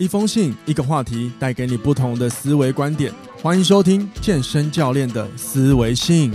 一封信，一個話題，帶給你不同的思維觀點。歡迎收聽健身教練的思維信。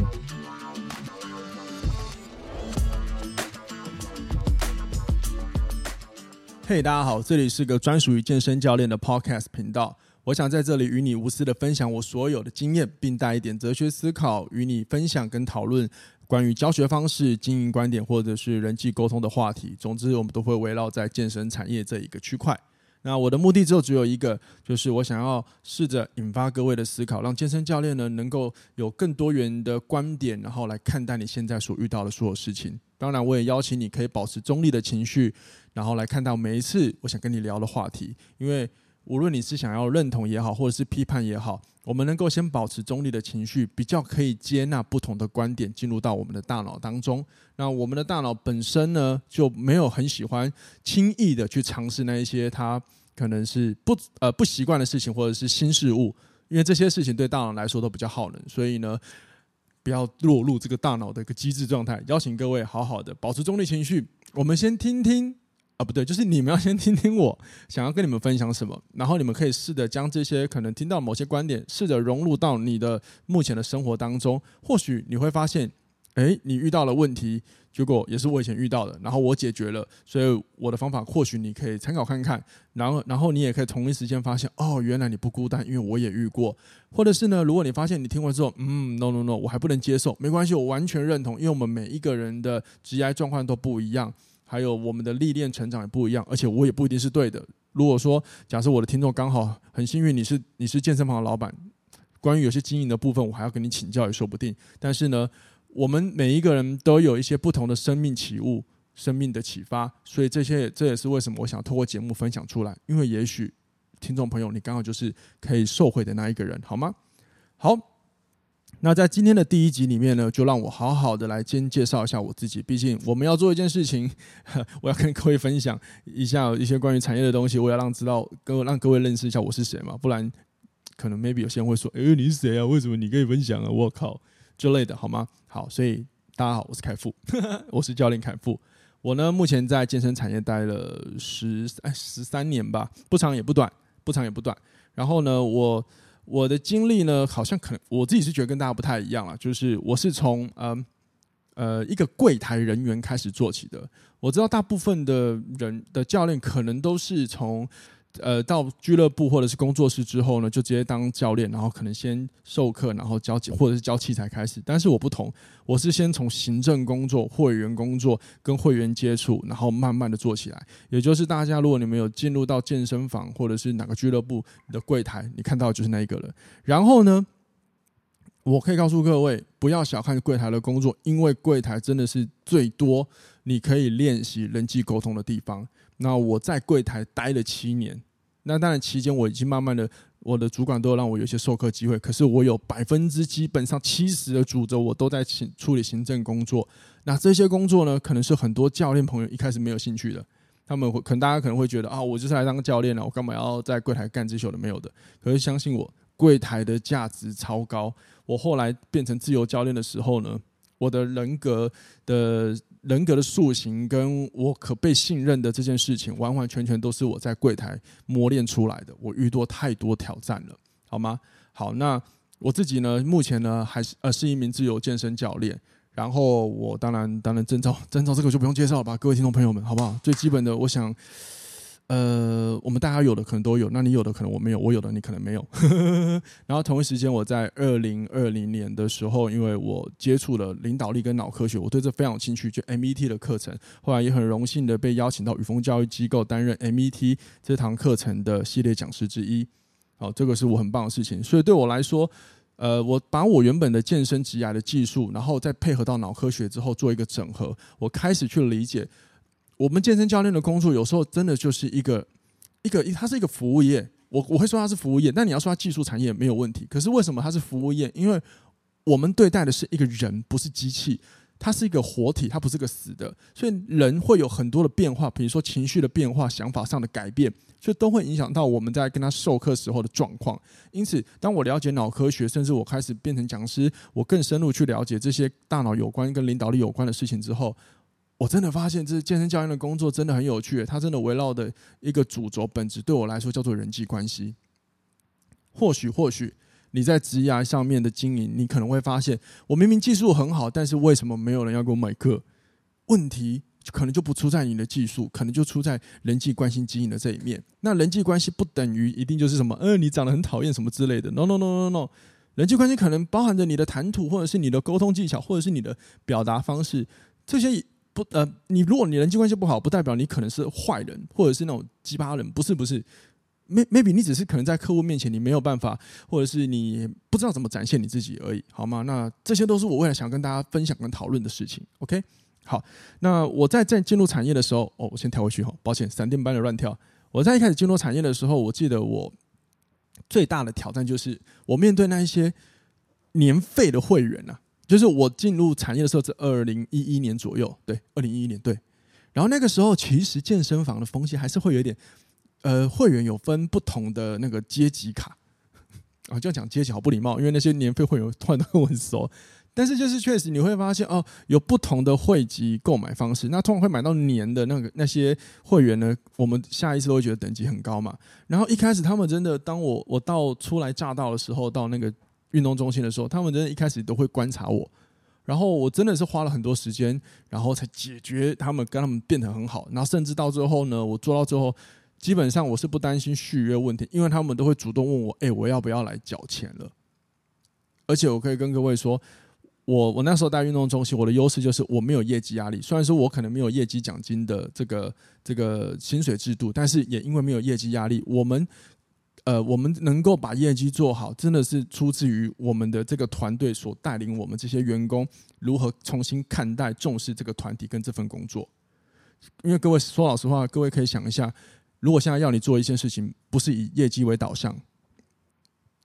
嘿，大家好，這裡是個專屬於健身教練的 podcast 頻道。我想在這裡與你無私的分享我所有的經驗，並帶一點哲學思考，與你分享跟討論關於教學方式、經營觀點或者是人際溝通的話題。總之，我們都會圍繞在健身產業這一個區塊。那我的目的就只有一個，就是我想要試着引發各位的思考，讓健身教練呢能夠有更多元的觀點，然後來看待你現在所遇到的所有事情。當然，我也邀請你可以保持中立的情緒，然後來看到每一次我想跟你聊的話題，因為。無論你是想要認同也好，或者是批判也好，我們能夠先保持中立的情緒，比較可以接納不同的觀點進入到我們的大腦當中。那我們的大腦本身呢，就沒有很喜歡輕易的去嘗試那一些它可能是不呃不習慣的事情或者是新事物，因為這些事情對大腦來說都比較耗能，所以呢，不要落入這個大腦的一個機制狀態。邀請各位好好的保持中立情緒，我們先聽聽。啊，不對，就是你們要先聽聽我想要跟你們分享什麼，然後你們可以試着將這些可能聽到某些觀點，試着融入到你的目前的生活當中。或許你會發現，哎，你遇到了問題，結果也是我以前遇到的，然後我解決了，所以我的方法或許你可以參考看看。然後，然後你也可以同一時間發現，哦，原來你不孤單，因為我也遇過。或者是呢，如果你發現你聽完之後，嗯，no no no，我還不能接受，沒關係，我完全認同，因為我們每一個人的 G I 狀況都不一樣。還有我們的歷練成長也不一樣，而且我也不一定是對的。如果說假設我的聽眾剛好很幸運，你是你是健身房的老板，關於有些經營的部分，我還要跟你請教也說不定。但是呢，我們每一個人都有一些不同的生命啟悟、生命的啟發，所以這些這也是為什麼我想要透過節目分享出來，因為也許聽眾朋友你剛好就是可以受惠的那一個人，好嗎？好。那在今天的第一集裡面呢，就讓我好好的來先介紹一下我自己。畢竟我們要做一件事情呵，我要跟各位分享一下一些關於產業的東西。我要讓知道，跟讓各位認識一下我是誰嘛，不然可能 maybe 有些人會說：“哎、欸，你是誰啊？為什麼你可以分享啊？”我靠，之類的，好嗎？好，所以大家好，我是楷富， 我是教練楷富。我呢，目前在健身產業待了十、哎、十三年吧，不長也不短，不長也不短。然後呢，我。我的經歷呢，好像可能我自己是覺得跟大家不太一樣啊，就是我是從呃呃一個櫃檯人員開始做起的。我知道大部分的人的教練可能都是從。呃，到俱樂部或者是工作室之後呢，就直接當教練，然後可能先授課，然後教或者是教器材開始。但是我不同，我是先從行政工作、會員工作跟會員接觸，然後慢慢的做起來。也就是大家，如果你們有進入到健身房或者是哪個俱樂部的櫃檯，你看到的就是那一個人。然後呢，我可以告訴各位，不要小看櫃檯的工作，因為櫃檯真的是最多你可以練習人際溝通的地方。那我在櫃檯待了七年，那當然期間我已經慢慢的，我的主管都讓我有一些授課機會，可是我有百分之基本上七十的主責，我都在行處理行政工作。那這些工作呢，可能是很多教練朋友一開始沒有興趣的，他們會可能大家可能會覺得啊，我就是來當教練了，啊，我幹嘛要在櫃檯幹這些有的沒有的？可是相信我，櫃檯的價值超高。我後來變成自由教練的時候呢，我的人格的。人格的塑形、跟我可被信任的這件事情，完完全全都是我在櫃檯磨練出來的。我遇到太多挑戰了，好嗎？好，那我自己呢？目前呢，還是呃，是一名自由健身教練。然後我當然，當然，證照證照，這個就不用介紹了吧，各位聽眾朋友們，好不好？最基本的，我想。呃，我們大家有的可能都有，那你有的可能我沒有，我有的你可能沒有。 然後同一時間，我在二零二零年的時候，因為我接觸了領導力跟腦科學，我對這非常有興趣，就 MET 的課程。後來也很榮幸的被邀請到雨峰教育機構擔任 MET 這堂課程的系列講師之一。好，這個是我很棒的事情。所以對我來說，呃，我把我原本的健身、瑜伽的技術，然後再配合到腦科學之後做一個整合，我開始去理解。我們健身教練的工作有時候真的就是一個一個，它是一個服務業。我我會說它是服務業，但你要說它技術產業沒有問題。可是為什麼它是服務業？因為我們對待的是一個人，不是機器，它是一個活體，它不是個死的。所以人會有很多的變化，比如說情緒的變化、想法上的改變，所以都會影響到我們在跟他授課時候的狀況。因此，當我了解腦科學，甚至我開始變成講師，我更深入去了解這些大腦有關、跟領導力有關的事情之後。我真的發現，這是健身教練的工作真的很有趣。它真的圍繞的一個主軸本質，對我來說叫做人際關係。或許，或許你在職業上面的經營，你可能會發現，我明明技術很好，但是為什麼沒有人要給我買課？問題可能就不出在你的技術，可能就出在人際關係經營的這一面。那人際關係不等於一定就是什麼，嗯、呃，你長得很討厭什麼之類的。No，No，No，No，No no。No, no, no, no. 人際關係可能包含着你的談吐，或者是你的溝通技巧，或者是你的表達方式，這些。不呃，你如果你人際關係不好，不代表你可能是壞人，或者是那種雞巴人，不是不是，maybe 你只是可能在客戶面前你沒有辦法，或者是你不知道怎麼展現你自己而已，好嗎？那這些都是我未來想跟大家分享跟討論的事情。OK，好，那我在在進入產業的時候，哦，我先跳回去哈，抱歉，閃電般的亂跳。我在一開始進入產業的時候，我記得我最大的挑戰就是我面對那一些年費的會員啊。就是我進入產業的時候是二零一一年左右，對，二零一一年對。然後那個時候其實健身房的風氣還是會有一點，呃，會員有分不同的那個階級卡，啊、哦，就講階級好不禮貌，因為那些年費會員突然都跟我很熟。但是就是確實你會發現哦，有不同的會籍購買方式，那通常會買到年的那個那些會員呢，我們下一次都會覺得等級很高嘛。然後一開始他們真的，當我我到初來乍到的時候，到那個。運動中心的時候，他們真的一開始都會觀察我，然後我真的是花了很多時間，然後才解決他們跟他們變得很好，然後甚至到最後呢，我做到最後，基本上我是不擔心續約問題，因為他們都會主動問我，哎、欸，我要不要來繳錢了？而且我可以跟各位說，我我那時候在運動中心，我的優勢就是我沒有業績壓力，雖然說我可能沒有業績獎金的這個這個薪水制度，但是也因為沒有業績壓力，我們。呃，我們能夠把業績做好，真的是出自於我們的這個團隊所帶領我們這些員工如何重新看待、重視這個團體跟這份工作。因為各位說老實話，各位可以想一下，如果現在要你做一件事情，不是以業績為導向，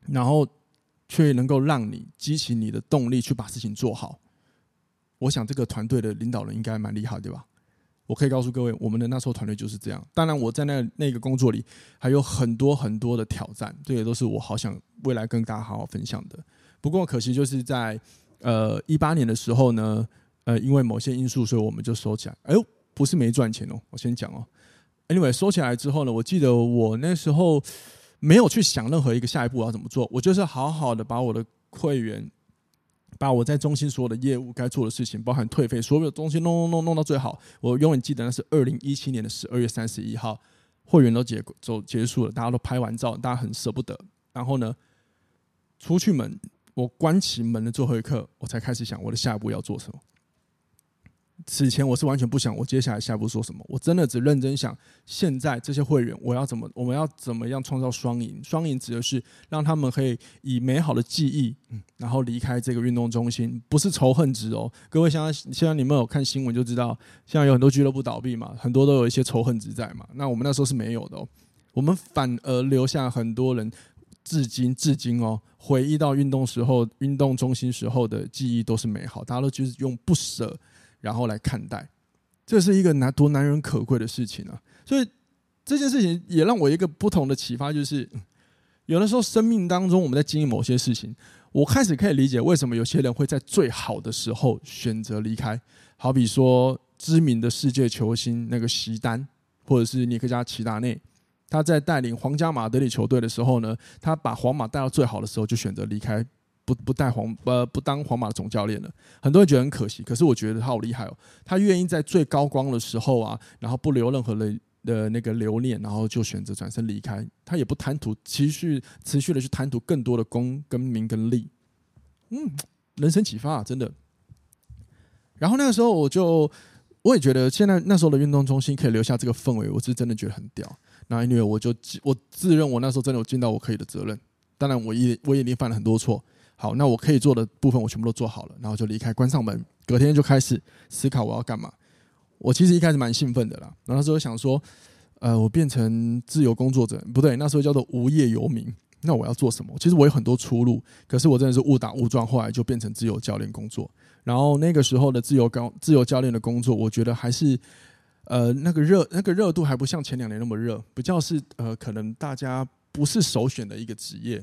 然後卻能夠讓你激起你的動力去把事情做好，我想這個團隊的領導人應該蠻厲害，對吧？我可以告訴各位，我們的那時候團隊就是這樣。當然，我在那那個工作裡還有很多很多的挑戰，這也都是我好想未來跟大家好好分享的。不過可惜就是在呃一八年的時候呢，呃因為某些因素，所以我們就收起來。哎呦，不是沒賺錢哦，我先講哦。Anyway，收起來之後呢，我記得我那時候沒有去想任何一個下一步要怎麼做，我就是好好的把我的會員。把我在中心所有的業務該做的事情，包含退費，所有的東西弄弄弄弄，到最好。我永遠記得那是二零一七年的十二月三十一號，會員都結走結束了，大家都拍完照，大家很捨不得。然後呢，出去門，我關起門的最後一刻，我才開始想我的下一步要做什麼。此前我是完全不想，我接下來下一步說什麼？我真的只認真想，現在這些會員我要怎麼，我們要怎麼樣創造雙贏？雙贏指的是讓他們可以以美好的記憶，然後離開這個運動中心，不是仇恨值哦。各位現在現在你們有看新聞就知道，現在有很多俱樂部倒閉嘛，很多都有一些仇恨值在嘛。那我們那時候是沒有的哦，我們反而留下很多人，至今至今哦，回憶到運動時候、運動中心時候的記憶都是美好，大家都就是用不舍。然後來看待，這是一個難多難能可貴的事情啊！所以這件事情也讓我一個不同的啟發，就是有的時候生命當中我們在經歷某些事情，我開始可以理解為什麼有些人會在最好的時候選擇離開。好比說知名的世界球星那個席丹，或者是尼克加齊達內，他在帶領皇家馬德里球隊的時候呢，他把皇馬帶到最好的時候就選擇離開。不不帶皇呃，不當皇馬的總教練了，很多人覺得很可惜，可是我覺得他好厲害哦！他願意在最高光的時候啊，然後不留任何的的那個留戀，然後就選擇轉身離開。他也不貪圖持續持續的去貪圖更多的功跟名跟利，嗯，人生啟發啊，真的。然後那個時候我就我也覺得，現在那時候的運動中心可以留下這個氛圍，我是真的覺得很屌。那因為我就我自認我那時候真的有盡到我可以的責任，當然我也我也已經犯了很多錯。好，那我可以做的部分我全部都做好了，然後就離開，關上門。隔天就開始思考我要幹嘛。我其實一開始蠻興奮的啦，然後那時候想說，呃，我變成自由工作者，不對，那時候叫做無業遊民。那我要做什麼？其實我有很多出路，可是我真的是誤打誤撞，後來就變成自由教練工作。然後那個時候的自由高自由教練的工作，我覺得還是呃那個熱那個熱度還不像前兩年那麼熱，比較是呃可能大家不是首選的一個職業。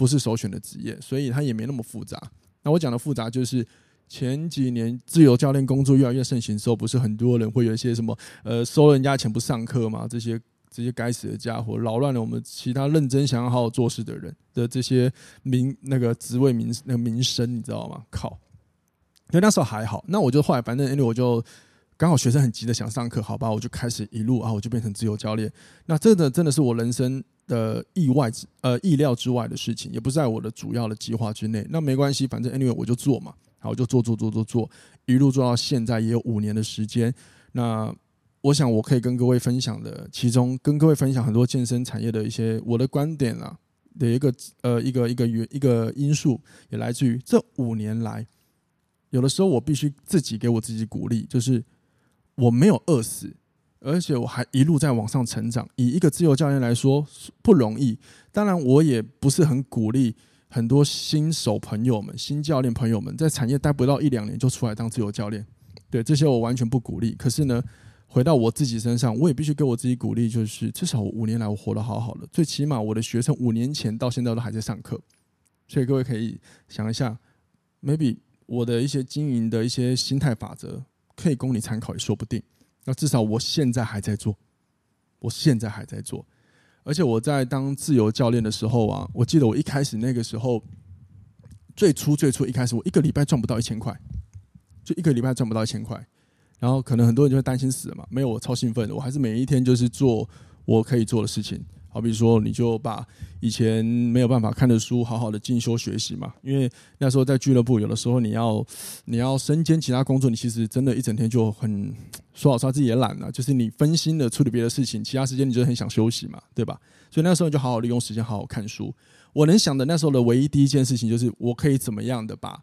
不是首選的職業，所以他也沒那麼複雜。那我講的複雜就是前幾年自由教練工作越來越盛行的時候，不是很多人會有一些什麼呃收人家錢不上課嘛？這些這些該死的家伙擾亂了我們其他認真想要好好做事的人的這些名那個職位名那個名聲，你知道嗎？靠！那，那時候還好，那我就後來反正因為、欸、我就。剛好學生很急的想上課，好吧，我就開始一路啊，我就變成自由教練。那這個真的是我人生的意外之呃意料之外的事情，也不在我的主要的計劃之內。那沒關係，反正 anyway 我就做嘛，好，我就做做做做做，一路做到現在也有五年的時間。那我想我可以跟各位分享的，其中跟各位分享很多健身產業的一些我的觀點啊的一個呃一個一個原一個因素，也來自於這五年來，有的時候我必須自己給我自己鼓勵，就是。我沒有餓死，而且我還一路在往上成長。以一個自由教練來說，不容易，當然我也不是很鼓勵很多新手朋友們、新教練朋友們在產業待不到一兩年就出來當自由教練。對，這些我完全不鼓勵。可是呢，回到我自己身上，我也必須給我自己鼓勵，就是至少我五年來我活得好好的，最起碼我的學生五年前到現在都還在上課。所以各位可以想一下，maybe 我的一些經營的一些心態法則。可以供你參考也說不定。那至少我現在還在做，我現在還在做。而且我在當自由教練的時候啊，我記得我一開始那個時候，最初最初一開始，我一個禮拜賺不到一千塊，就一個禮拜賺不到一千塊。然後可能很多人就會擔心死了嘛，沒有，我超興奮的，我還是每一天就是做我可以做的事情。好比說，你就把以前沒有辦法看的書，好好的進修學習嘛。因為那時候在俱樂部，有的時候你要你要身兼其他工作，你其實真的一整天就很說老實話，自己也懶了、啊，就是你分心的處理別的事情，其他時間你就很想休息嘛，對吧？所以那時候你就好好利用時間，好好看書。我能想的那時候的唯一第一件事情，就是我可以怎麼樣的把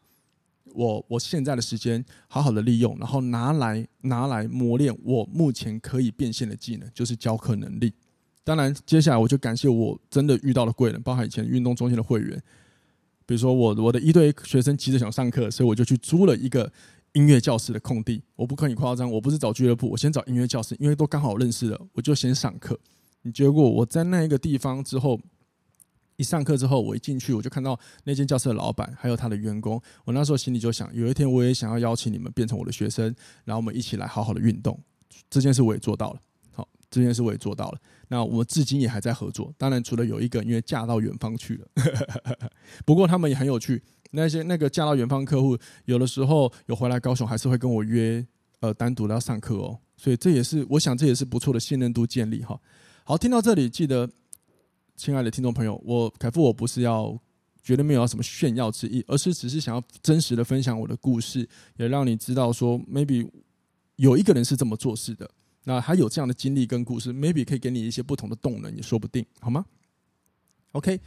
我我現在的時間好好的利用，然後拿來拿來磨練我目前可以變現的技能，就是教課能力。當然，接下來我就感謝我真的遇到了貴人，包含以前運動中心的會員。比如說我，我我的一對學生急着想上課，所以我就去租了一個音樂教室的空地。我不跟你誇張，我不是找俱樂部，我先找音樂教室，因為都剛好認識了，我就先上課。結果我在那一個地方之後，一上課之後，我一進去我就看到那間教室的老闆還有他的員工。我那時候心裡就想，有一天我也想要邀請你們變成我的學生，然後我們一起來好好的運動。這件事我也做到了。這件事我也做到了，那我至今也還在合作。當然，除了有一個因為嫁到遠方去了呵呵呵，不過他們也很有趣。那些那個嫁到遠方客戶，有的時候有回來高雄，還是會跟我約，呃，單獨來上課哦。所以這也是，我想這也是不錯的信任度建立哈、哦。好，聽到這裡，記得，親愛的聽眾朋友，我楷富我不是要絕對沒有要什麼炫耀之意，而是只是想要真實的分享我的故事，也讓你知道說，maybe 有一個人是這麼做事的。那還有這樣的經歷跟故事，maybe 可以給你一些不同的動能，也說不定，好嗎？OK，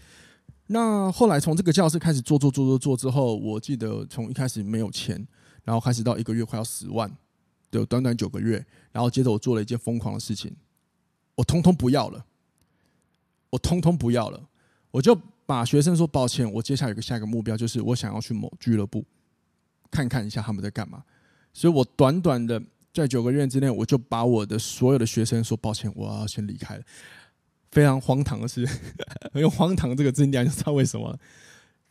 那後來從這個教室開始做做做做做之後，我記得從一開始沒有錢，然後開始到一個月快要十萬，就短短九個月，然後接着我做了一件瘋狂的事情，我通通不要了，我通通不要了，我就把學生說抱歉，我接下來有個下一個目標，就是我想要去某俱樂部看一看一下他們在幹嘛，所以我短短的。在九個月之內，我就把我的所有的學生說抱歉，我要先離開了。非常荒唐的是，用“荒唐”這個字眼你就知道為什麼。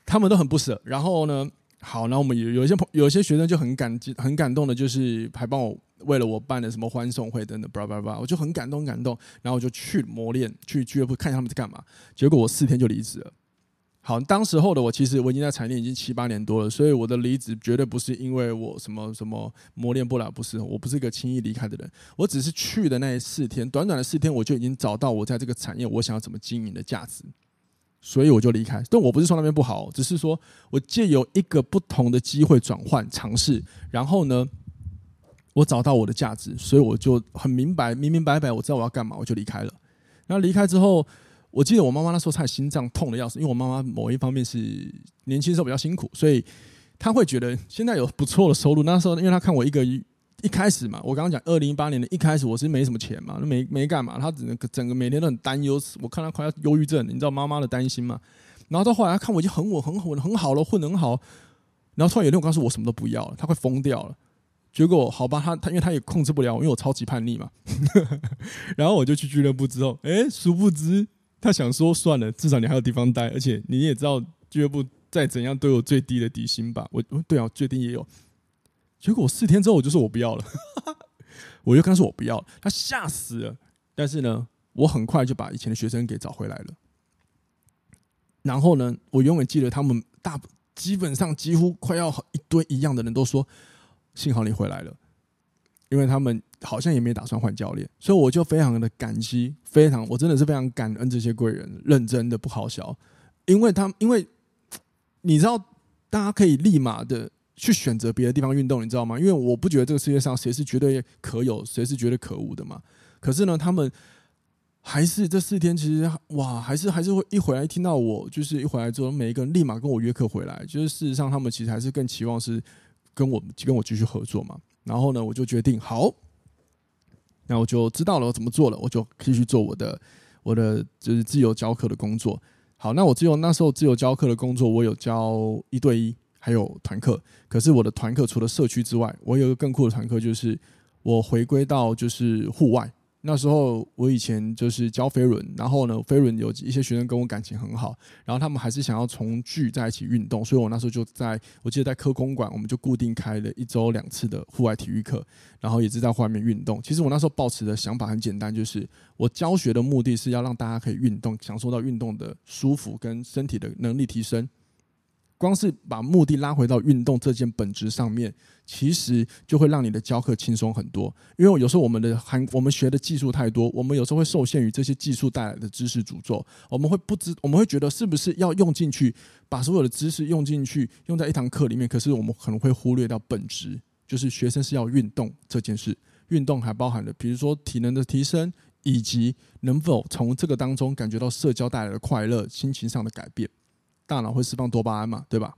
他們都很不捨。然後呢，好，那我們有有一些朋，有一些學生就很感激、很感動的，就是還幫我為了我辦了什麼歡送會等等，叭叭叭。我就很感動、很感動。然後我就去磨練，去俱樂部看他們在幹嘛。結果我四天就離職了。好，當時候的我其實我已經在產業已經七八年多了，所以我的離職絕對不是因為我什麼什麼磨練不了，不是，我不是一個輕易離開的人。我只是去的那四天，短短的四天，我就已經找到我在這個產業我想要怎麼經營的價值，所以我就離開。但我不是說那邊不好，只是說我藉由一個不同的機會轉換嘗試，然後呢，我找到我的價值，所以我就很明白明明白白，我知道我要幹嘛，我就離開了。然後離開之後。我記得我媽媽那時候她心臟痛的要死，因為我媽媽某一方面是年輕時候比較辛苦，所以她會覺得現在有不錯的收入。那時候因為她看我一個一開始嘛，我剛剛講二零一八年的一開始我是沒什麼錢嘛，沒沒幹嘛，她只能整個每天都很擔憂，我看她快要憂鬱症，你知道媽媽的擔心嘛？然後到後來她看我已經很穩、很穩、很好了，混得很好，然後突然有一天我告訴我，我什麼都不要了，她快瘋掉了。結果好吧，她她因為她也控制不了我，因為我超級叛逆嘛。 然後我就去俱樂部之後，哎、欸，殊不知。他想說算了，至少你還有地方待，而且你也知道俱樂部再怎樣都有最低的底薪吧？我，我對啊，最低也有。結果我四天之後我就說我不要了。 我就跟他說我不要了，他嚇死了。但是呢，我很快就把以前的學生給找回來了。然後呢，我永遠記得他們大基本上幾乎快要一堆一樣的人都說，幸好你回來了。因為他們好像也沒打算換教練，所以我就非常的感激，非常，我真的是非常感恩這些貴人，認真的不好笑。因為他們，因為你知道，大家可以立馬的去選擇別的地方運動，你知道嗎？因為我不覺得這個世界上誰是絕對可有，誰是絕對可無的嘛。可是呢，他們還是這四天，其實哇，還是還是會一回來聽到我，就是一回來之後，每一個人立馬跟我約課回來。就是事實上，他們其實還是更期望是跟我跟我繼續合作嘛。然後呢，我就決定好，那我就知道了，我怎麼做了，我就繼續做我的，我的就是自由教課的工作。好，那我只有那時候自由教課的工作，我有教一對一，還有團課。可是我的團課除了社區之外，我有一個更酷的團課，就是我回歸到就是戶外。那時候我以前就是教飛輪，然後呢，飛輪有一些學生跟我感情很好，然後他們還是想要重聚在一起運動，所以我那時候就在，我記得在科公館，我們就固定開了一周兩次的戶外體育課，然後也是在外面運動。其實我那時候抱持的想法很簡單，就是我教學的目的是要讓大家可以運動，享受到運動的舒服跟身體的能力提升。光是把目的拉回到運動這件本質上面，其實就會讓你的教課輕鬆很多。因為有時候我們的含我們學的技術太多，我們有時候會受限於這些技術帶來的知識詛咒。我們會不知，我們會覺得是不是要用進去，把所有的知識用進去，用在一堂課裡面。可是我們可能會忽略到本質，就是學生是要運動這件事。運動還包含了，比如說體能的提升，以及能否從這個當中感覺到社交帶來的快樂、心情上的改變。大腦會釋放多巴胺嘛，對吧？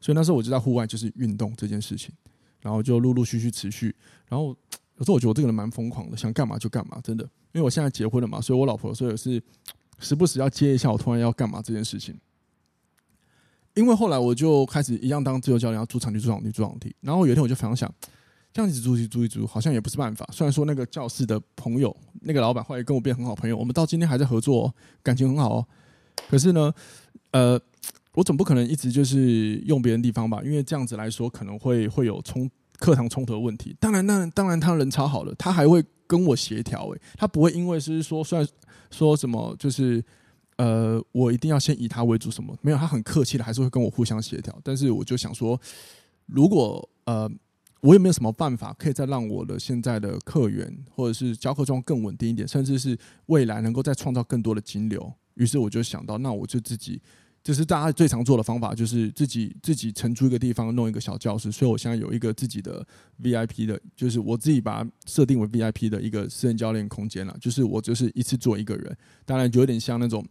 所以那時候我就在戶外，就是運動這件事情，然後就陸陸續續持續。然後有時候我覺得我這個人蠻瘋狂的，想幹嘛就幹嘛，真的。因為我現在結婚了嘛，所以我老婆說，也是時不時要接一下我突然要幹嘛這件事情。因為後來我就開始一樣當自由教練，然後租場地、租場地、租場地。然後有一天我就想想，這樣租一租、租一租、租、租，好像也不是辦法。雖然說那個教室的朋友，那個老闆後來跟我變很好朋友，我們到今天還在合作哦，感情很好哦。可是呢，呃，我總不可能一直就是用別的地方吧，因為這樣子來說，可能會會有衝課堂衝突的問題。當然，那當，當然他人超好的，他還會跟我協調，誒，他不會因為是說說說什麼，就是呃，我一定要先以他為主什麼？沒有，他很客氣的，還是會跟我互相協調。但是我就想說，如果呃，我有沒有什麼辦法可以再讓我的現在的客源或者是教課狀況，更穩定一點，甚至是未來能夠再創造更多的金流？於是我就想到，那我就自己，就是大家最常做的方法，就是自己自己承租一個地方，弄一個小教室。所以我現在有一個自己的 VIP 的，就是我自己把它設定為 VIP 的一個私人教練空間了。就是我就是一次做一個人，當然有點像那種。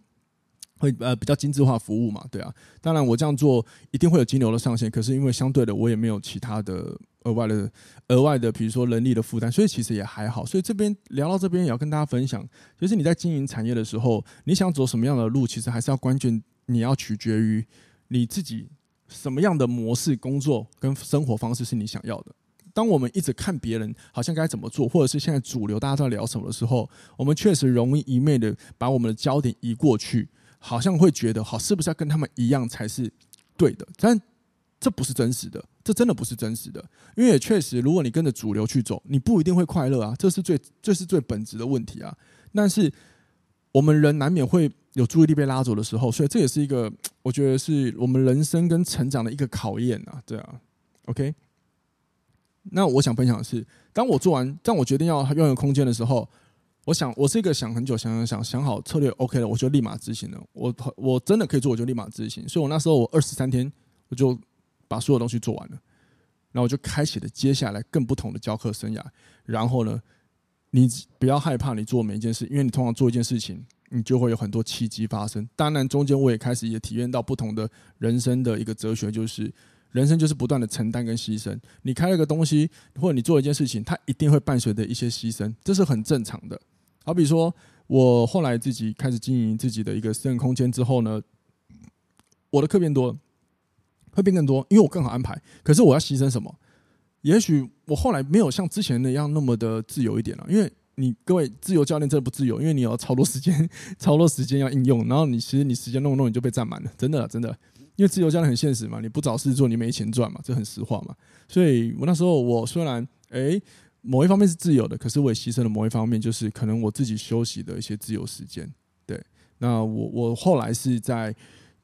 會呃比較精致化的服務嘛，對啊。當然我這樣做一定會有金流的上限，可是因為相對的我也沒有其他的額外的額外的，比如說人力的負擔，所以其實也還好。所以這邊聊到這邊也要跟大家分享，就是你在經營產業的時候，你想走什麼樣的路，其實還是要關鍵，你要取決於你自己什麼樣的模式工作跟生活方式是你想要的。當我們一直看別人好像該怎麼做，或者是現在主流大家在聊什麼的時候，我們確實容易一昧的把我們的焦點移過去。好像會覺得好，是不是要跟他們一樣才是對的？但這不是真實的，這真的不是真實的。因為也確實，如果你跟着主流去走，你不一定會快樂啊。這是最這是最本質的問題啊。但是我們人難免會有注意力被拉走的時候，所以這也是一個我覺得是我們人生跟成長的一個考驗啊。這樣，OK，那我想分享的是，當我做完，當我決定要擁有空間的時候。我想，我是一個想很久、想想想想好策略，OK 了，我就立馬執行了。我我真的可以做，我就立馬執行了。所以，我那時候我二十三天，我就把所有東西做完了，然後我就開啟了接下來更不同的教課生涯。然後呢，你不要害怕你做每一件事，因為你通常做一件事情，你就會有很多契機發生。當然，中間我也開始也體驗到不同的人生的一個哲學，就是人生就是不斷的承擔跟犧牲。你開了一個東西，或者你做一件事情，它一定會伴隨着一些犧牲，這是很正常的。好比說，我後來自己開始經營自己的一個私人空間之後呢，我的課變多了，會變更多，因為我更好安排。可是我要犧牲什麼？也許我後來沒有像之前那樣那麼的自由一點了。因為你各位自由教練真的不自由，因為你要超多時間，超多時間要應用。然後你其實你時間弄不弄你就被占滿了，真的真的。因為自由教練很現實嘛，你不找事做你沒錢賺嘛，這很實話嘛。所以我那時候我雖然哎。欸某一方面是自由的，可是我也犧牲了某一方面，就是可能我自己休息的一些自由時間。對，那我我後來是在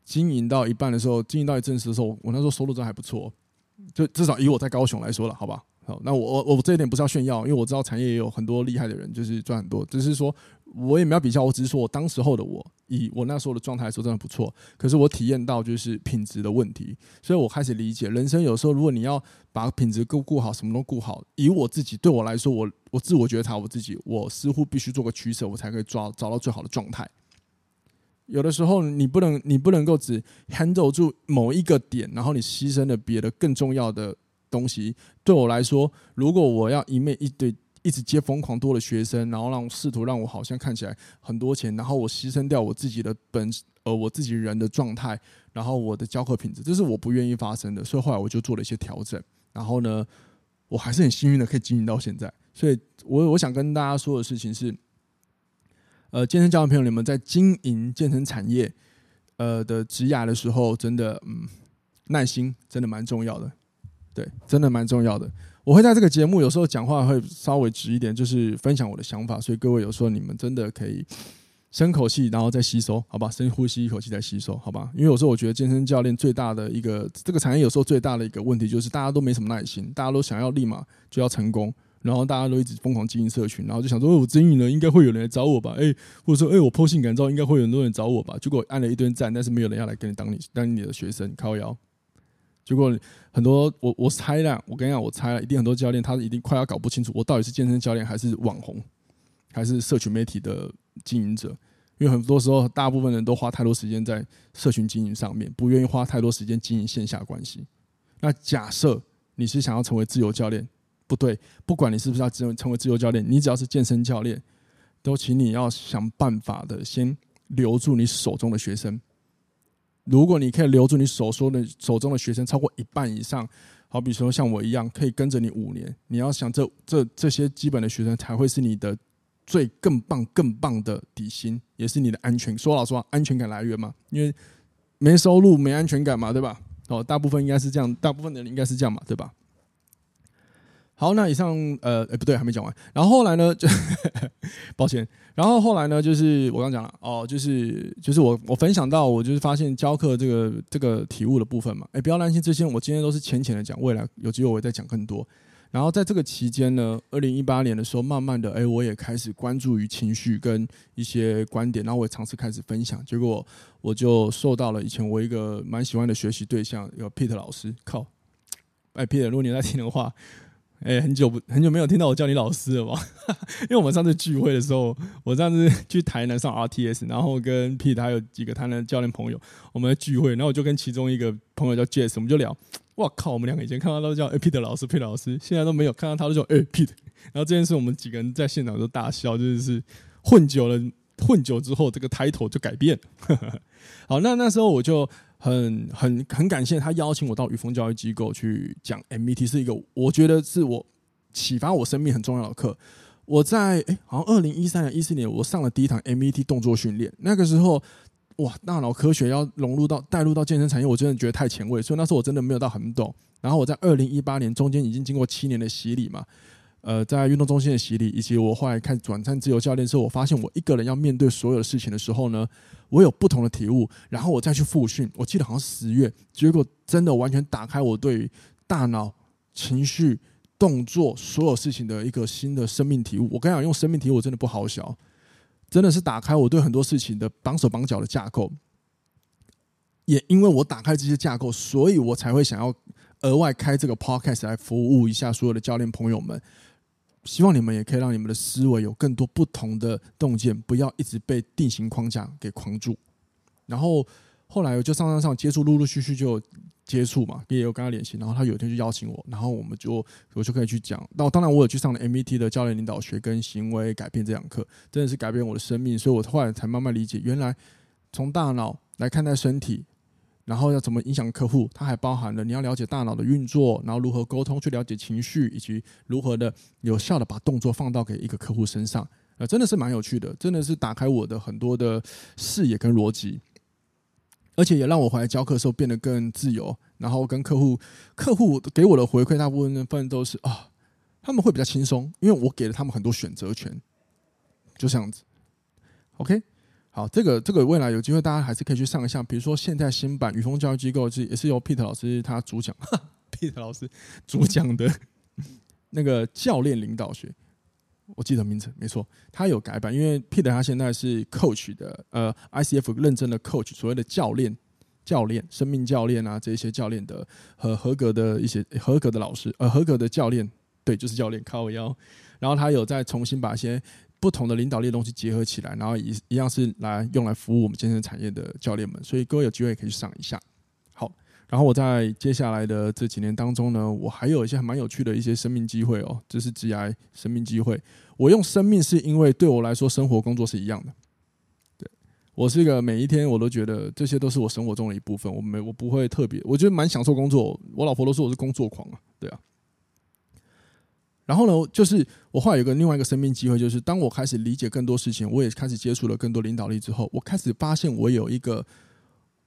經營到一半的時候，經營到一陣子的時候，我那時候收入都還不錯，就至少以我在高雄來說了，好吧？好，那我我我這一點不是要炫耀，因為我知道產業也有很多厲害的人，就是賺很多，只，就是說。我也沒有比較，我只是說我當時候的我，以我那時候的狀態來說，真的不錯。可是我體驗到就是品質的問題，所以我開始理解人生。有時候，如果你要把品質顧顧好，什麼都顧好，以我自己對我來說，我我自我覺察我自己，我似乎必須做個取捨，我才可以抓找到最好的狀態。有的時候，你不能，你不能夠只 handle 住某一個點，然後你犧牲了別的更重要的東西。對我來說，如果我要一面一對。一直接瘋狂多的學生，然後讓試圖讓我好像看起來很多錢，然後我犧牲掉我自己的本，呃我自己人的狀態，然後我的教課品質，這是我不願意發生的，所以後來我就做了一些調整。然後呢，我還是很幸運的可以經營到現在，所以我我想跟大家說的事情是，呃，健身教練朋友你們在經營健身產業，呃的職涯的時候，真的，嗯，耐心真的蠻重要的，對，真的蠻重要的。我會在這個節目有時候講話會稍微直一點，就是分享我的想法，所以各位有時候你們真的可以深口氣，然後再吸收，好吧？深呼吸一口氣再吸收，好吧？因為有時候我覺得健身教練最大的一個這個，產業有時候最大的一個問題就是大家都沒什麼耐心，大家都想要立馬就要成功，然後大家都一直瘋狂經營社群，然後就想說，哎、哦，我經營呢應該會有人來找我吧？哎，或者說，哎，我潑性感照，應該會有很多人找我吧？結果我按了一頓讚，但是沒有人要來跟你當你當你的學生，你靠腰，結果。很多我我猜啦，我跟你講，我猜啦，一定很多教練他一定快要搞不清楚，我到底是健身教練還是網紅，還是社群媒體的經營者？因為很多時候大部分人都花太多時間在社群經營上面，不願意花太多時間經營線下關係。那假設你是想要成為自由教練，不對，不管你是不是要成為自由教練，你只要是健身教練，都請你要想辦法的先留住你手中的學生。如果你可以留住你所說的手中的學生超過一半以上，好比說像我一樣可以跟着你五年，你要想這這這些基本的學生才會是你的最更棒更棒的底薪，也是你的安全。說老實話，安全感來源嘛，因為沒收入沒安全感嘛，對吧？哦，大部分應該是這樣，大部分的人應該是這樣嘛，對吧？好，那以上呃、欸，不對，還沒講完。然後後來呢，就呵呵抱歉。然後後來呢，就是我剛剛講了哦，就是就是我我分享到，我就是發現教課這個這個體悟的部分嘛。哎、欸，不要擔心，這些我今天都是淺淺的講，未來有機會我會再講更多。然後在這個期間呢，二零一八年的時候，慢慢的哎、欸，我也開始關注於情緒跟一些觀點，然後我也嘗試開始分享。結果我就受到了以前我一個蠻喜歡的學習對象，有 Peter 老師。靠，哎、欸，Peter，如果你在聽的話。誒、欸，很久不，很久沒有聽到我叫你老師了吧？ 因為我們上次聚會的時候，我上次去台南上 RTS，然後跟 Peter 還有幾個台南教練朋友，我們在聚會，然後我就跟其中一個朋友叫 Jess，我們就聊，哇靠，我們兩個以前看到都叫、欸、Peter 老師，Peter 老師，現在都沒有看到他都叫誒、欸、Peter，然後這件事我們幾個人在現場都大笑，就是混久了。混久之後，這個 title 就改變。 好，那那時候我就很很很感謝他邀請我到宇峰教育機構去講 MVT 是一個我覺得是我啟發我生命很重要的課。我在哎、欸，好像二零一三年、一四年，我上了第一堂 MVT 動作訓練。那個時候，哇，大腦科學要融入到帶入到健身產業，我真的覺得太前衛，所以那時候我真的沒有到很懂。然後我在二零一八年中間已經經過七年的洗禮嘛。呃，在運動中心的洗禮，以及我後來看轉戰自由教練之後，我發現我一個人要面對所有的事情的時候呢，我有不同的體悟，然後我再去複訓。我記得好像十月，結果真的完全打開我對大腦、情緒、動作所有事情的一個新的生命體悟。我剛想用生命體悟，真的不好笑，真的是打開我對很多事情的綁手綁腳的架構。也因為我打開這些架構，所以我才會想要額外開這個 podcast 來服務一下所有的教練朋友們。希望你們也可以讓你們的思維有更多不同的洞見，不要一直被定型框架給框住。然後後來我就上上上接觸，陸陸續續就接觸嘛，畢業有跟他聯繫。然後他有一天就邀請我，然後我們就我就可以去講。那我當然我有去上了 M B T 的教練領導學跟行為改變這堂課，真的是改變我的生命。所以我後來才慢慢理解，原來從大腦來看待身體。然後要怎麼影響客戶？它還包含了你要了解大腦的運作，然後如何溝通去了解情緒，以及如何的有效的把動作放到給一個客戶身上。呃，真的是蠻有趣的，真的是打開我的很多的視野跟邏輯，而且也讓我回來教課的時候變得更自由。然後跟客戶，客戶給我的回饋大部分都是啊、哦，他們會比較輕鬆，因為我給了他們很多選擇權，就這樣子。OK。好，這個這個未來有機會，大家還是可以去上一下。比如說，現在新版雨峰教育機構是也是由 Peter 老師他主講 ，Peter 老師主講的那個教練領導學，我記得名字沒錯。他有改版，因為 Peter 他現在是 Coach 的，呃，ICF 認證的 Coach，所謂的教練教練、生命教練啊，這一些教練的和合格的一些合格的老師，呃，合格的教練，對，就是教練 CO1。然後他有再重新把一些。不同的領導力的東西結合起來，然後一一樣是來用來服務我們健身產業的教練們，所以各位有機會也可以去上一下。好，然後我在接下來的這幾年當中呢，我還有一些還蠻有趣的一些生命機會哦、喔，這是 GI 生命機會。我用生命是因為對我來說，生活工作是一樣的。對我是一個每一天我都覺得這些都是我生活中的一部分。我沒我不會特別，我覺得蠻享受工作。我老婆都說我是工作狂啊，對啊。然後呢，就是我後來有個另外一個生命機會，就是當我開始理解更多事情，我也開始接觸了更多領導力之後，我開始發現我有一個，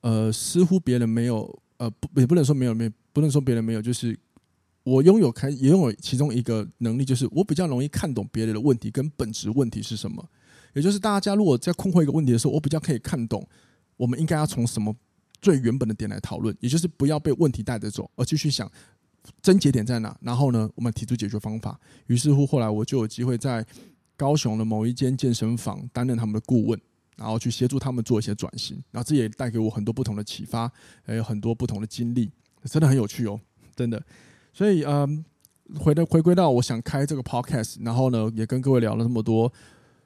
呃，似乎別人沒有，呃，不，也不能說沒有，沒，不能說別人沒有，就是我擁有開，也擁有其中一個能力，就是我比較容易看懂別人的問題跟本質問題是什麼。也就是大家如果在困惑一個問題的時候，我比較可以看懂，我們應該要從什麼最原本的點來討論，也就是不要被問題帶着走，而繼續想。症結點在哪？然後呢，我們提出解決方法。於是乎，後來我就有機會在高雄的某一間健身房擔任他們的顧問，然後去協助他們做一些轉型。然後這也帶給我很多不同的啟發，還有很多不同的經歷，真的很有趣哦，真的。所以，嗯，回到回歸到我想開這個 podcast，然後呢，也跟各位聊了這麼多，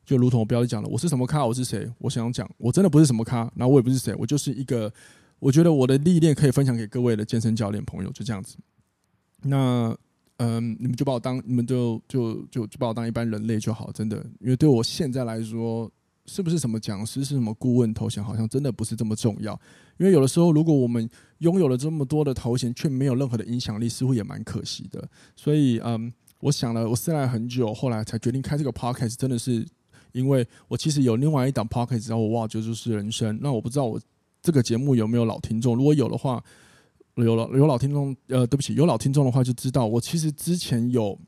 就如同我標題講的，我是什麼咖？我是誰？我想講，我真的不是什麼咖，然後我也不是誰，我就是一個，我覺得我的歷練可以分享給各位的健身教練朋友，就這樣子。那，嗯，你們就把我當，你們就就就就，就把我當一般人類就好，真的。因為對我現在來說，是不是什麼講師，是什麼顧問頭銜，好像真的不是這麼重要。因為有的時候，如果我們擁有了這麼多的頭銜，卻沒有任何的影響力，似乎也蠻可惜的。所以，嗯，我想了，我思來很久，後來才決定開這個 p o c k e t 真的是因為我其實有另外一檔 p o c k e t 後我哇我就是人生》。那我不知道我這個節目有沒有老聽眾，如果有的話。有老有老聽眾，呃，對不起，有老聽眾的話就知道，我其實之前有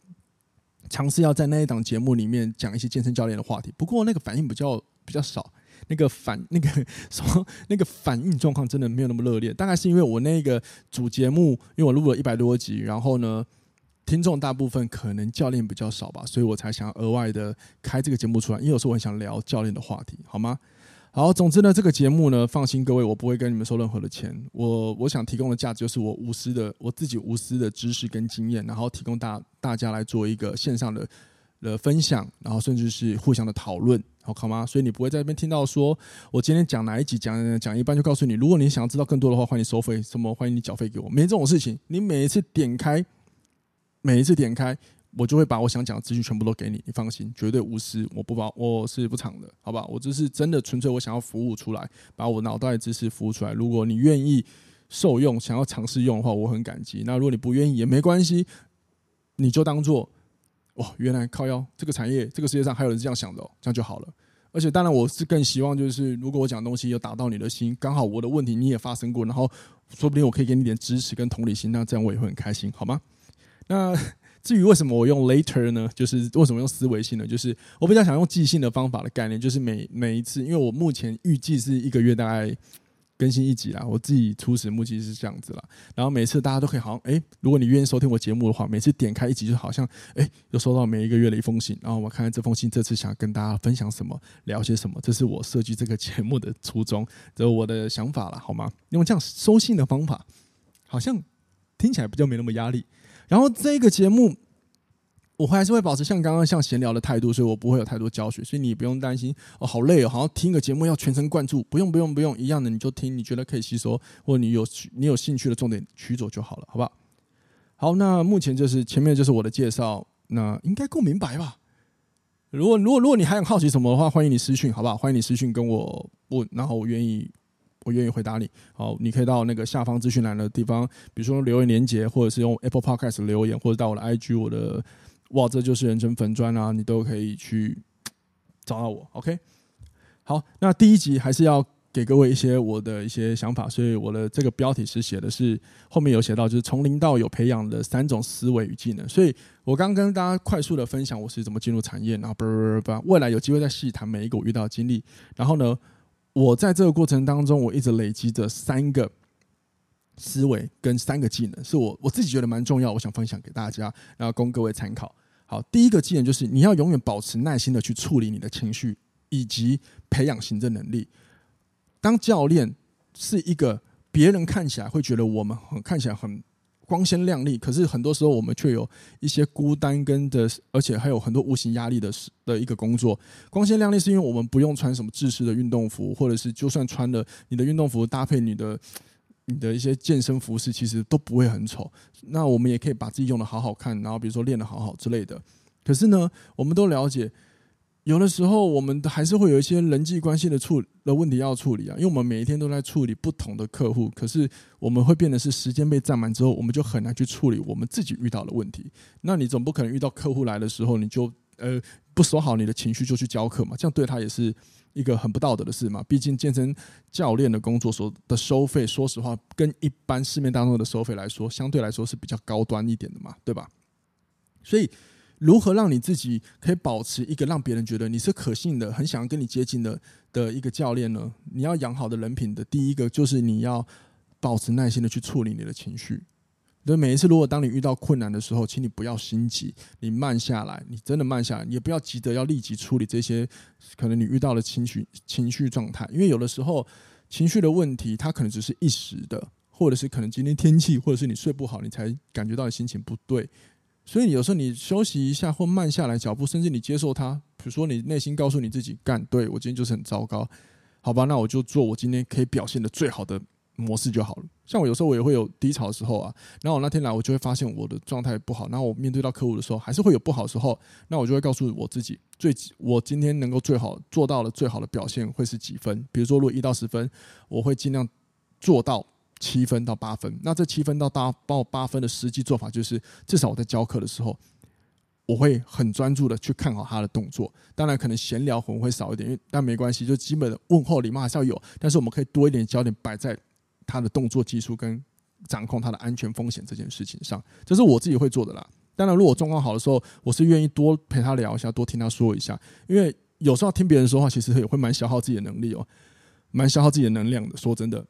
嘗試要在那一檔節目裡面講一些健身教練的話題，不過那個反應比較比較少，那個反那個什麼那個反應狀況真的沒有那麼熱烈，大概是因為我那個主節目，因為我錄了一百多集，然後呢，聽眾大部分可能教練比較少吧，所以我才想要額外的開這個節目出來，因為有時候我很想聊教練的話題，好嗎？好，總之呢，這個節目呢，放心各位，我不會跟你們收任何的錢。我我想提供的價值就是我無私的，我自己無私的知識跟經驗，然後提供大大家來做一個線上的的分享，然後甚至是互相的討論，好，好嗎？所以你不會在這邊聽到說我今天講哪一集，講講講一半就告訴你，如果你想要知道更多的話，歡迎收費，什麼歡迎你繳費給我，沒這種事情。你每一次點開，每一次點開。我就會把我想講的資訊全部都給你，你放心，絕對無私，我不保，我是不藏的，好吧？我這是真的純粹，我想要服務出來，把我腦袋的知識服務出來。如果你願意受用，想要嘗試用的話，我很感激。那如果你不願意也沒關係，你就當做哦，原來靠腰這個產業，這個世界上還有人是這樣想的，喔，這樣就好了。而且當然，我是更希望就是，如果我講的東西有打到你的心，剛好我的問題你也發生過，然後說不定我可以給你點支持跟同理心，那這樣我也會很開心，好嗎？那。至於為什麼我用 letter 呢？就是為什麼用思維信呢？就是我比較想用寄信的方法的概念，就是每每一次，因為我目前預計是一個月大概更新一集啦，我自己初始目的是這樣子啦。然後每次大家都可以好像，哎、欸，如果你願意收聽我節目的話，每次點開一集就好像，哎、欸，又收到每一個月的一封信，然後我看看這封信這次想跟大家分享什麼，聊些什麼，這是我設計這個節目的初衷，這我的想法啦，好嗎？因為這樣收信的方法，好像聽起來比較沒那麼壓力。然後這個節目，我還是會保持像剛剛像閒聊的態度，所以我不會有太多教學，所以你不用擔心哦，好累哦，好像聽個節目要全神貫注，不用不用不用，一樣的你就聽，你覺得可以吸收，或你有你有興趣的重點取走就好了，好不好？好，那目前就是前面就是我的介紹，那應該夠明白吧？如果如果如果你還很好奇什麼的話，歡迎你私訊，好不好？歡迎你私訊跟我問，然後我願意。我願意回答你。好，你可以到那個下方資訊欄的地方，比如說留言連結，或者是用 Apple Podcast 留言，或者到我的 IG，我的哇，這就是人生粉專啊，你都可以去找到我。OK，好，那第一集還是要給各位一些我的一些想法，所以我的這個標題是寫的是後面有寫到，就是從零到有培養的三種思維與技能。所以我剛跟大家快速的分享我是怎麼進入產業，然後不不不，叭，未來有機會再細談每一個我遇到的經歷。然後呢，我在這個過程當中，我一直累積着三個思維跟三個技能，是我我自己覺得蠻重要，我想分享給大家，然後供各位參考。好，第一個技能就是你要永遠保持耐心的去處理你的情緒，以及培養行政能力。當教練是一個別人看起來會覺得我們很看起來很。光鮮亮麗，可是很多時候我們卻有一些孤單跟的，而且還有很多無形壓力的的，一個工作。光鮮亮麗是因為我們不用穿什麼制式的運動服，或者是就算穿了你的運動服，搭配你的你的一些健身服飾，其實都不會很醜。那我們也可以把自己用得好好看，然後比如說練得好好之類的。可是呢，我們都了解。有的時候，我們還是會有一些人際關係的處理的問題要處理啊，因為我們每一天都在處理不同的客戶，可是我們會變得是時間被佔滿之後，我們就很難去處理我們自己遇到的問題。那你總不可能遇到客戶來的時候，你就呃不收好你的情緒就去教課嘛？這樣對他也是一個很不道德的事嘛。畢竟健身教練的工作所的收費，說實話，跟一般市面當中的收費來說，相對來說是比較高端一點的嘛，對吧？所以。如何讓你自己可以保持一個讓別人覺得你是可信的、很想要跟你接近的的一個教練呢？你要養好的人品的第一個就是你要保持耐心的去處理你的情緒。所以每一次，如果當你遇到困難的時候，請你不要心急，你慢下來，你真的慢下來，你也不要急着要立即處理這些可能你遇到的情緒情緒狀態，因為有的時候情緒的問題，它可能只是一時的，或者是可能今天天氣，或者是你睡不好，你才感覺到心情不對。所以有時候你休息一下，或慢下來腳步，甚至你接受它。比如說，你內心告訴你自己幹，對，我今天就是很糟糕，好吧？那我就做我今天可以表現的最好的模式就好了。像我有時候我也會有低潮的時候啊，然後我那天來我就會發現我的狀態不好，然後我面對到客戶的時候還是會有不好的時候，那我就會告訴我自己最我今天能夠最好做到的最好的表現會是幾分？比如說如果一到十分，我會盡量做到。七分到八分，那這七分到八到八分的實際做法就是，至少我在教課的時候，我會很專注的去看好他的動作。當然，可能閒聊可能會少一點，因為，但沒關係，就基本的問候禮貌還是要有。但是我們可以多一點焦點擺在他的動作技術跟掌控他的安全風險這件事情上，這是我自己會做的啦。當然，如果狀況好的時候，我是願意多陪他聊一下，多聽他說一下，因為有時候聽別人說話其實也會蠻消耗自己的能力哦、喔，蠻消耗自己的能量的。說真的。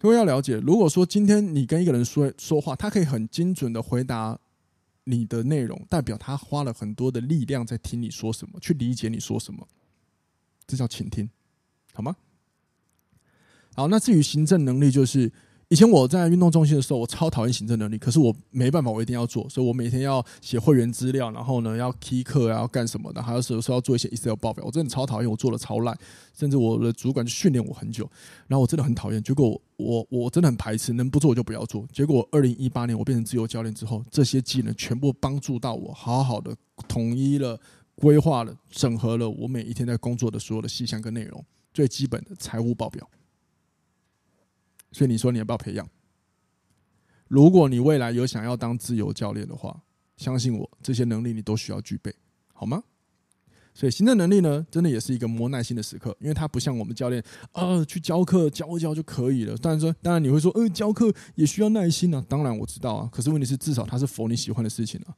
各位要了解，如果說今天你跟一個人說說話，他可以很精準的回答你的內容，代表他花了很多的力量在聽你說什麼，去理解你說什麼，這叫傾聽，好嗎？好，那至於行政能力，就是。以前我在運動中心的時候，我超討厭行政能力，可是我沒辦法，我一定要做，所以我每天要寫會員資料，然後呢要 key 課，要幹什麼的，還有時候要做一些 Excel 報表。我真的超討厭，我做的超爛，甚至我的主管就訓練我很久，然後我真的很討厭。結果我我，我真的很排斥，能不做我就不要做。結果二零一八年我變成自由教練之後，這些技能全部幫助到我，好好的統一了、規劃了、整合了我每一天在工作的所有的細項跟內容，最基本的財務報表。所以你說你要不要培養？如果你未來有想要當自由教練的話，相信我，這些能力你都需要具備，好嗎？所以行政能力呢，真的也是一個磨耐心的時刻，因為它不像我們教練啊、呃，去教課教一教就可以了。但是說，當然你會說，呃，教課也需要耐心啊。當然我知道啊，可是問題是，至少他是否你喜歡的事情啊。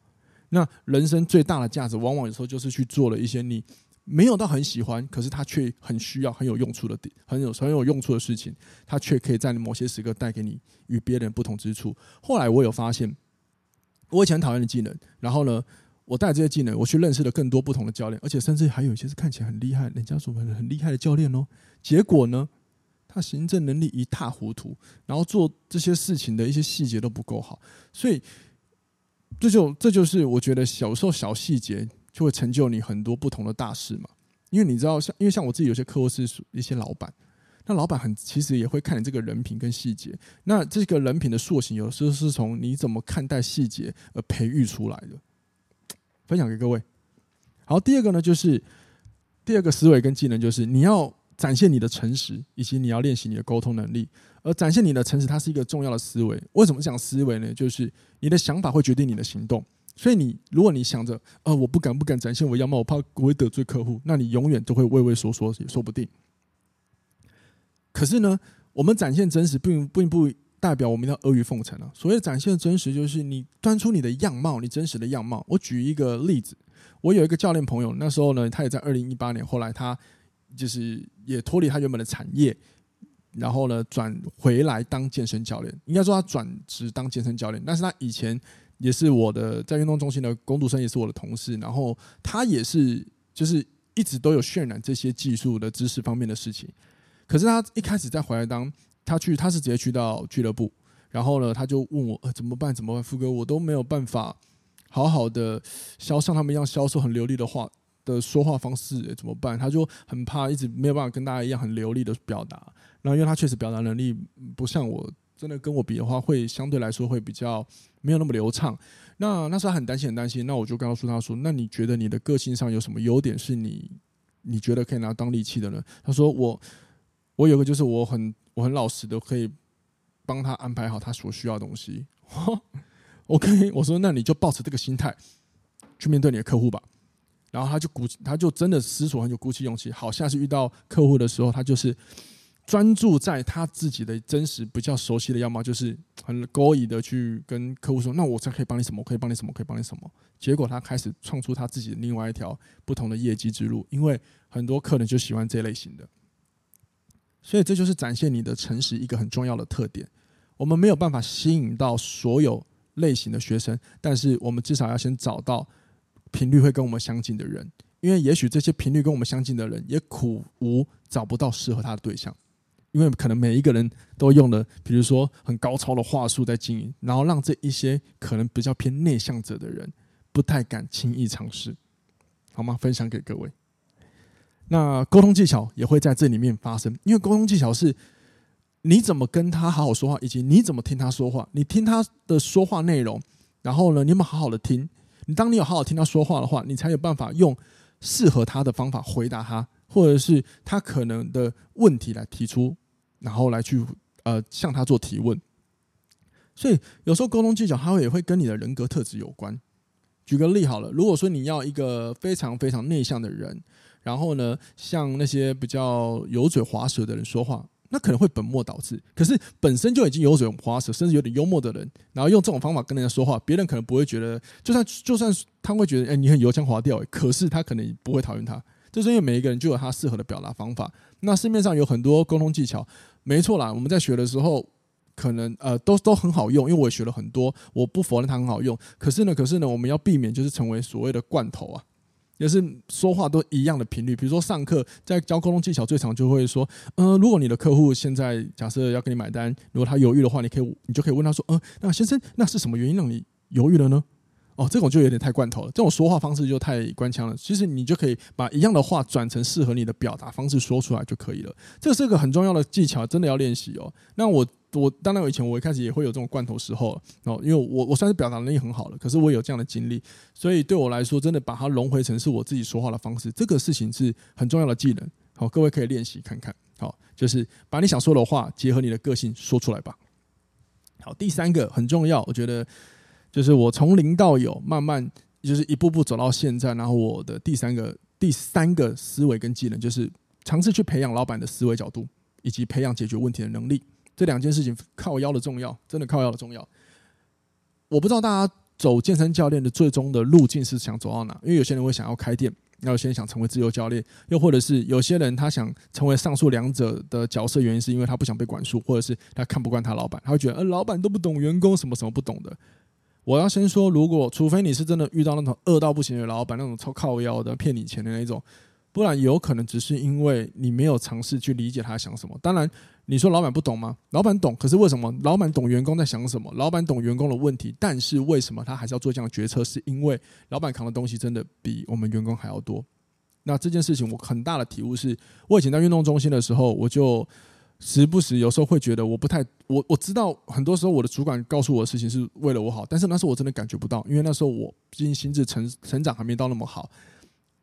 那人生最大的價值，往往有時候就是去做了一些你。沒有到很喜歡，可是他卻很需要、很有用處的，很有很有用處的事情，他卻可以在某些時刻帶給你與別人不同之處。後來我有發現，我以前討厭的技能，然後呢，我帶這些技能，我去認識了更多不同的教練，而且甚至還有一些是看起來很厲害、人家說很很厲害的教練嘍、哦。結果呢，他行政能力一塌糊塗，然後做這些事情的一些細節都不夠好，所以這就這就是我覺得小時候小細節。就會成就你很多不同的大事嘛，因為你知道，像因為像我自己有些客戶是一些老闆，那老闆很其實也會看你這個人品跟細節，那這個人品的塑形有時候是從你怎麼看待細節而培育出來的。分享給各位。好，第二個呢，就是第二個思維跟技能，就是你要展現你的誠實，以及你要練習你的溝通能力。而展現你的誠實，它是一個重要的思維。為什麼講思維呢？就是你的想法會決定你的行動。所以你，如果你想着，呃，我不敢不敢展現我的樣貌，我怕我會得罪客戶，那你永遠都會畏畏縮縮，也說不定。可是呢，我們展現真實並，並並不代表我們要阿諛奉承啊，所謂展現真實，就是你端出你的樣貌，你真實的樣貌。我舉一個例子，我有一個教練朋友，那時候呢，他也在二零一八年，後來他就是也脫離他原本的產業，然後呢，轉回來當健身教練。應該說他轉職當健身教練，但是他以前。也是我的在運動中心的工讀生，也是我的同事。然後他也是，就是一直都有渲染這些技術的知識方面的事情。可是他一開始在回來當，他去他是直接去到俱樂部，然後呢，他就問我、呃、怎麼辦？怎麼辦？富哥，我都沒有辦法好好的銷像他們一樣銷售很流利的話的說話方式、欸、怎麼辦？他就很怕一直沒有辦法跟大家一樣很流利的表達。然後因為他確實表達能力不像我。真的跟我比的話，會相對來說會比較沒有那麼流暢。那那時候很擔心，很擔心。那我就告訴他說：“那你覺得你的個性上有什麼優點，是你你覺得可以拿當利器的呢？”他說：“我我有個就是我很我很老實的，可以幫他安排好他所需要的東西。” OK，我說：“那你就抱持這個心態去面對你的客戶吧。”然後他就鼓，他就真的思索很久，鼓起勇氣。好，下次遇到客戶的時候，他就是。專注在他自己的真實、比較熟悉的樣貌，就是很刻意的去跟客戶說：“那我才可以幫你什麼？我可以幫你什麼？我可以幫你什麼？我可以幫你什麼？”結果他開始創出他自己的另外一條不同的業績之路，因為很多客人就喜歡這類型的。所以這就是展現你的誠實一個很重要的特點。我們沒有辦法吸引到所有類型的學生，但是我們至少要先找到頻率會跟我們相近的人，因為也許這些頻率跟我們相近的人也苦無找不到適合他的對象。因為可能每一個人都用了，比如說很高超的話術在經營，然後讓這一些可能比較偏內向者的人不太敢輕易嘗試，好嗎？分享給各位。那溝通技巧也會在這裡面發生，因為溝通技巧是你怎麼跟他好好說話，以及你怎麼聽他說話。你聽他的說話內容，然後呢，你有沒有好好的聽？你當你有好好聽他說話的話，你才有辦法用適合他的方法回答他，或者是他可能的問題來提出。然後來去呃向他做提問，所以有時候溝通技巧，它也會跟你的人格特質有關。舉個例好了，如果說你要一個非常非常內向的人，然後呢向那些比較油嘴滑舌的人說話，那可能會本末倒置。可是本身就已經油嘴滑舌，甚至有點幽默的人，然後用這種方法跟人家說話，別人可能不會覺得，就算就算他會覺得哎、欸，你很油腔滑調，欸，可是他可能不會討厭他。就是因為每一個人就有他適合的表達方法。那市面上有很多溝通技巧。沒錯啦，我們在學的時候，可能呃都都很好用，因為我也學了很多，我不否認它很好用。可是呢，可是呢，我們要避免就是成為所謂的罐頭啊，也是說話都一樣的頻率。比如說上課在教溝通技巧，最常就會說，嗯、呃，如果你的客戶現在假設要給你買單，如果他猶豫的話，你可以你就可以問他說，嗯、呃，那先生，那是什麼原因讓你猶豫了呢？哦，這種就有點太罐頭了，這種說話方式就太官腔了。其實你就可以把一樣的話轉成適合你的表達方式說出來就可以了。這是一個很重要的技巧，真的要練習哦。那我我當然我以前我一開始也會有這種罐頭時候哦，因為我我算是表達能力很好的，可是我有這樣的經歷，所以對我來說真的把它融回成是我自己說話的方式，這個事情是很重要的技能。好、哦，各位可以練習看看。好、哦，就是把你想說的話結合你的個性說出來吧。好，第三個很重要，我覺得。就是我從零到有，慢慢就是一步步走到現在。然後我的第三個、第三個思維跟技能，就是嘗試去培養老板的思維角度，以及培養解決問題的能力。這兩件事情靠腰的重要，真的靠腰的重要。我不知道大家走健身教練的最終的路徑是想走到哪，因為有些人會想要開店，那有些人想成為自由教練，又或者是有些人他想成為上述兩者的角色，原因是因為他不想被管束，或者是他看不慣他老板，他會覺得、呃、老板都不懂員工什麼什麼不懂的。我要先說，如果除非你是真的遇到那種惡到不行的老板，那種超靠腰的騙你錢的那種，不然有可能只是因為你沒有嘗試去理解他想什麼。當然，你說老板不懂嗎？老板懂，可是為什麼老板懂員工在想什麼？老板懂員工的問題，但是為什麼他還是要做這樣的決策？是因為老板扛的東西真的比我們員工還要多。那這件事情我很大的體悟是，我以前在運動中心的時候，我就。時不時，有時候會覺得我不太我我知道很多時候我的主管告訴我的事情是為了我好，但是那時候我真的感覺不到，因為那時候我畢竟心智成成長還沒到那麼好。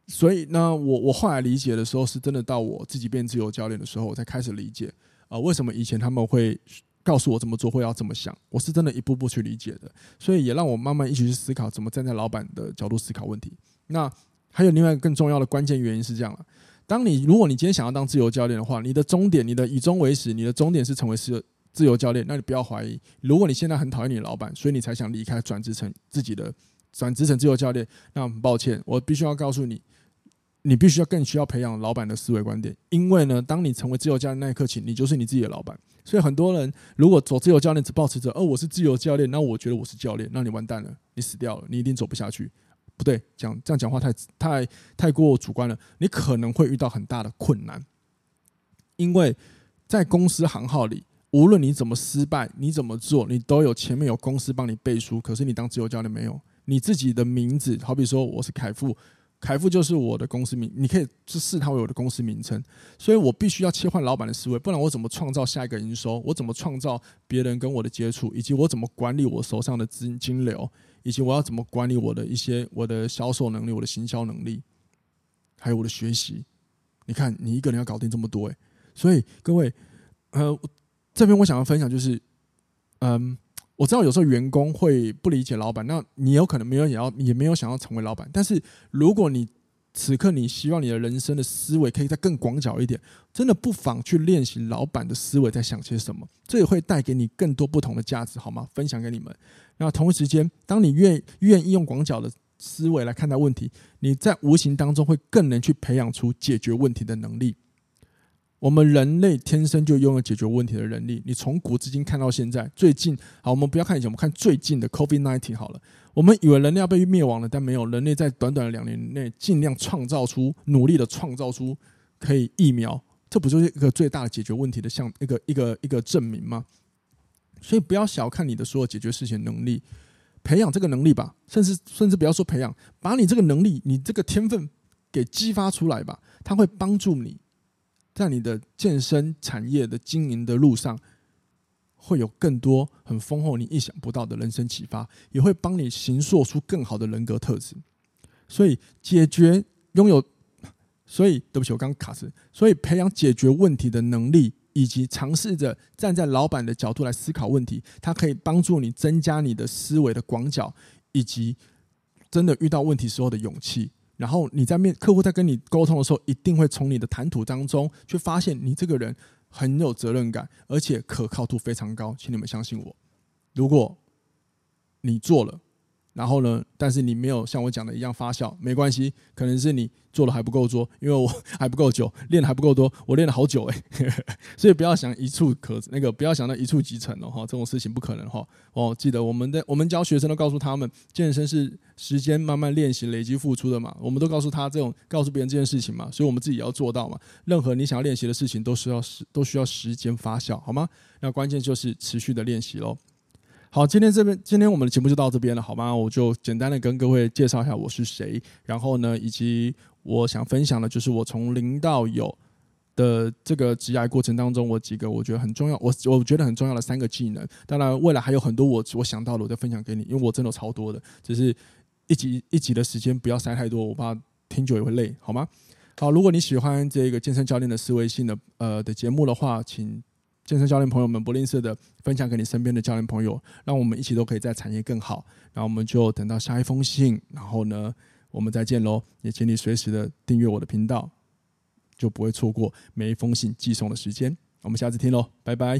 所以呢，我我後來理解的時候，是真的到我自己變自由教練的時候，我才開始理解啊、呃、為什麼以前他們會告訴我怎麼做，會要怎麼想，我是真的一步步去理解的。所以也讓我慢慢一起去思考怎麼站在老闆的角度思考問題。那還有另外一個更重要的關鍵原因是這樣了。當你，如果你今天想要當自由教練的話，你的終點，你的以終為始，你的終點是成為是自由教練，那你不要懷疑。如果你現在很討厭你的老板，所以你才想離開，轉職成自己的，轉職成自由教練，那很抱歉，我必須要告訴你，你必須要更需要培養老板的思維觀點。因為呢，當你成為自由教練那一刻起，你就是你自己的老板。所以很多人如果走自由教練，只保持着“哦，我是自由教練”，那我覺得我是教練，那你完蛋了，你死掉了，你一定走不下去。不對，講這樣講話太太太過主觀了。你可能會遇到很大的困難，因為在公司行號裡，無論你怎麼失敗，你怎麼做，你都有前面有公司幫你背書。可是你當自由教練沒有，你自己的名字，好比說我是楷富，楷富就是我的公司名，你可以視視他為我的公司名稱。所以我必須要切換老板的思維，不然我怎麼創造下一個營收？我怎麼創造別人跟我的接觸？以及我怎麼管理我手上的資金流？以及我要怎麼管理我的一些我的銷售能力、我的行銷能力，還有我的學習。你看，你一個人要搞定這麼多，欸，誒，所以各位，呃，這邊我想要分享就是，嗯，我知道有時候員工會不理解老板，那你有可能沒有也要也沒有想要成為老板，但是如果你。此刻你希望你的人生的思維可以再更廣角一點，真的不妨去練習老板的思維在想些什麼，這也會帶給你更多不同的價值，好嗎？分享給你們。那同時間，當你願願意用廣角的思維來看待問題，你在無形當中會更能去培養出解決問題的能力。我們人類天生就擁有解決問題的能力。你從古至今看到現在，最近，好，我們不要看以前，我們看最近的 COVID-19 好了。我們以為人類要被滅亡了，但沒有，人類在短短的兩年內盡量創造出、努力的創造出可以疫苗，這不就是一個最大的解決問題的項，一個一個一個證明嗎？所以不要小看你的所有解決事情能力，培養這個能力吧，甚至甚至不要說培養，把你這個能力、你這個天分給激發出來吧，它會幫助你在你的健身產業的經營的路上。會有更多很豐厚你意想不到的人生啟發，也會幫你形塑出更好的人格特質。所以，解決擁有，所以對不起，我剛剛卡詞。所以，培養解決問題的能力，以及嘗試着站在老闆的角度來思考問題，它可以幫助你增加你的思維的廣角，以及真的遇到問題時候的勇氣。然後，你在面客戶在跟你溝通的時候，一定會從你的談吐當中，去發現你這個人，很有責任感，而且可靠度非常高，請你們相信我。如果你做了，然後呢？但是你沒有像我講的一樣發酵，沒關係，可能是你做的還不夠多，因為我還不夠久，練的還不夠多。我練了好久哎、欸，所以不要想一蹴可那個，不要想到一蹴即成哦。這種事情不可能哈、哦。哦，記得我們的我們教學生都告訴他們，健身是時間慢慢練習、累積付出的嘛。我們都告訴他這種告訴別人這件事情嘛，所以我們自己要做到嘛。任何你想要練習的事情都需要時都需要時間發酵，好嗎？那關鍵就是持續的練習嘍。好，今天這邊，今天我們的節目就到這邊了，好嗎？我就簡單的跟各位介紹一下我是誰，然後呢，以及我想分享的，就是我從零到有的這個職業過程當中，我幾個我覺得很重要，我我覺得很重要的三個技能。當然，未來還有很多我我想到的，我再分享給你，因為我真的超多的，只是一集一集的時間，不要塞太多，我怕聽久也會累，好嗎？好，如果你喜歡這個健身教練的思維信的呃的節目的話，請。健身教練朋友們，不吝嗇的分享給你身邊的教練朋友，讓我們一起都可以在產業更好。然後我們就等到下一封信，然後呢，我們再見嘍！也請你隨時的訂閱我的頻道，就不會錯過每一封信寄送的時間。我們下次聽嘍，拜拜！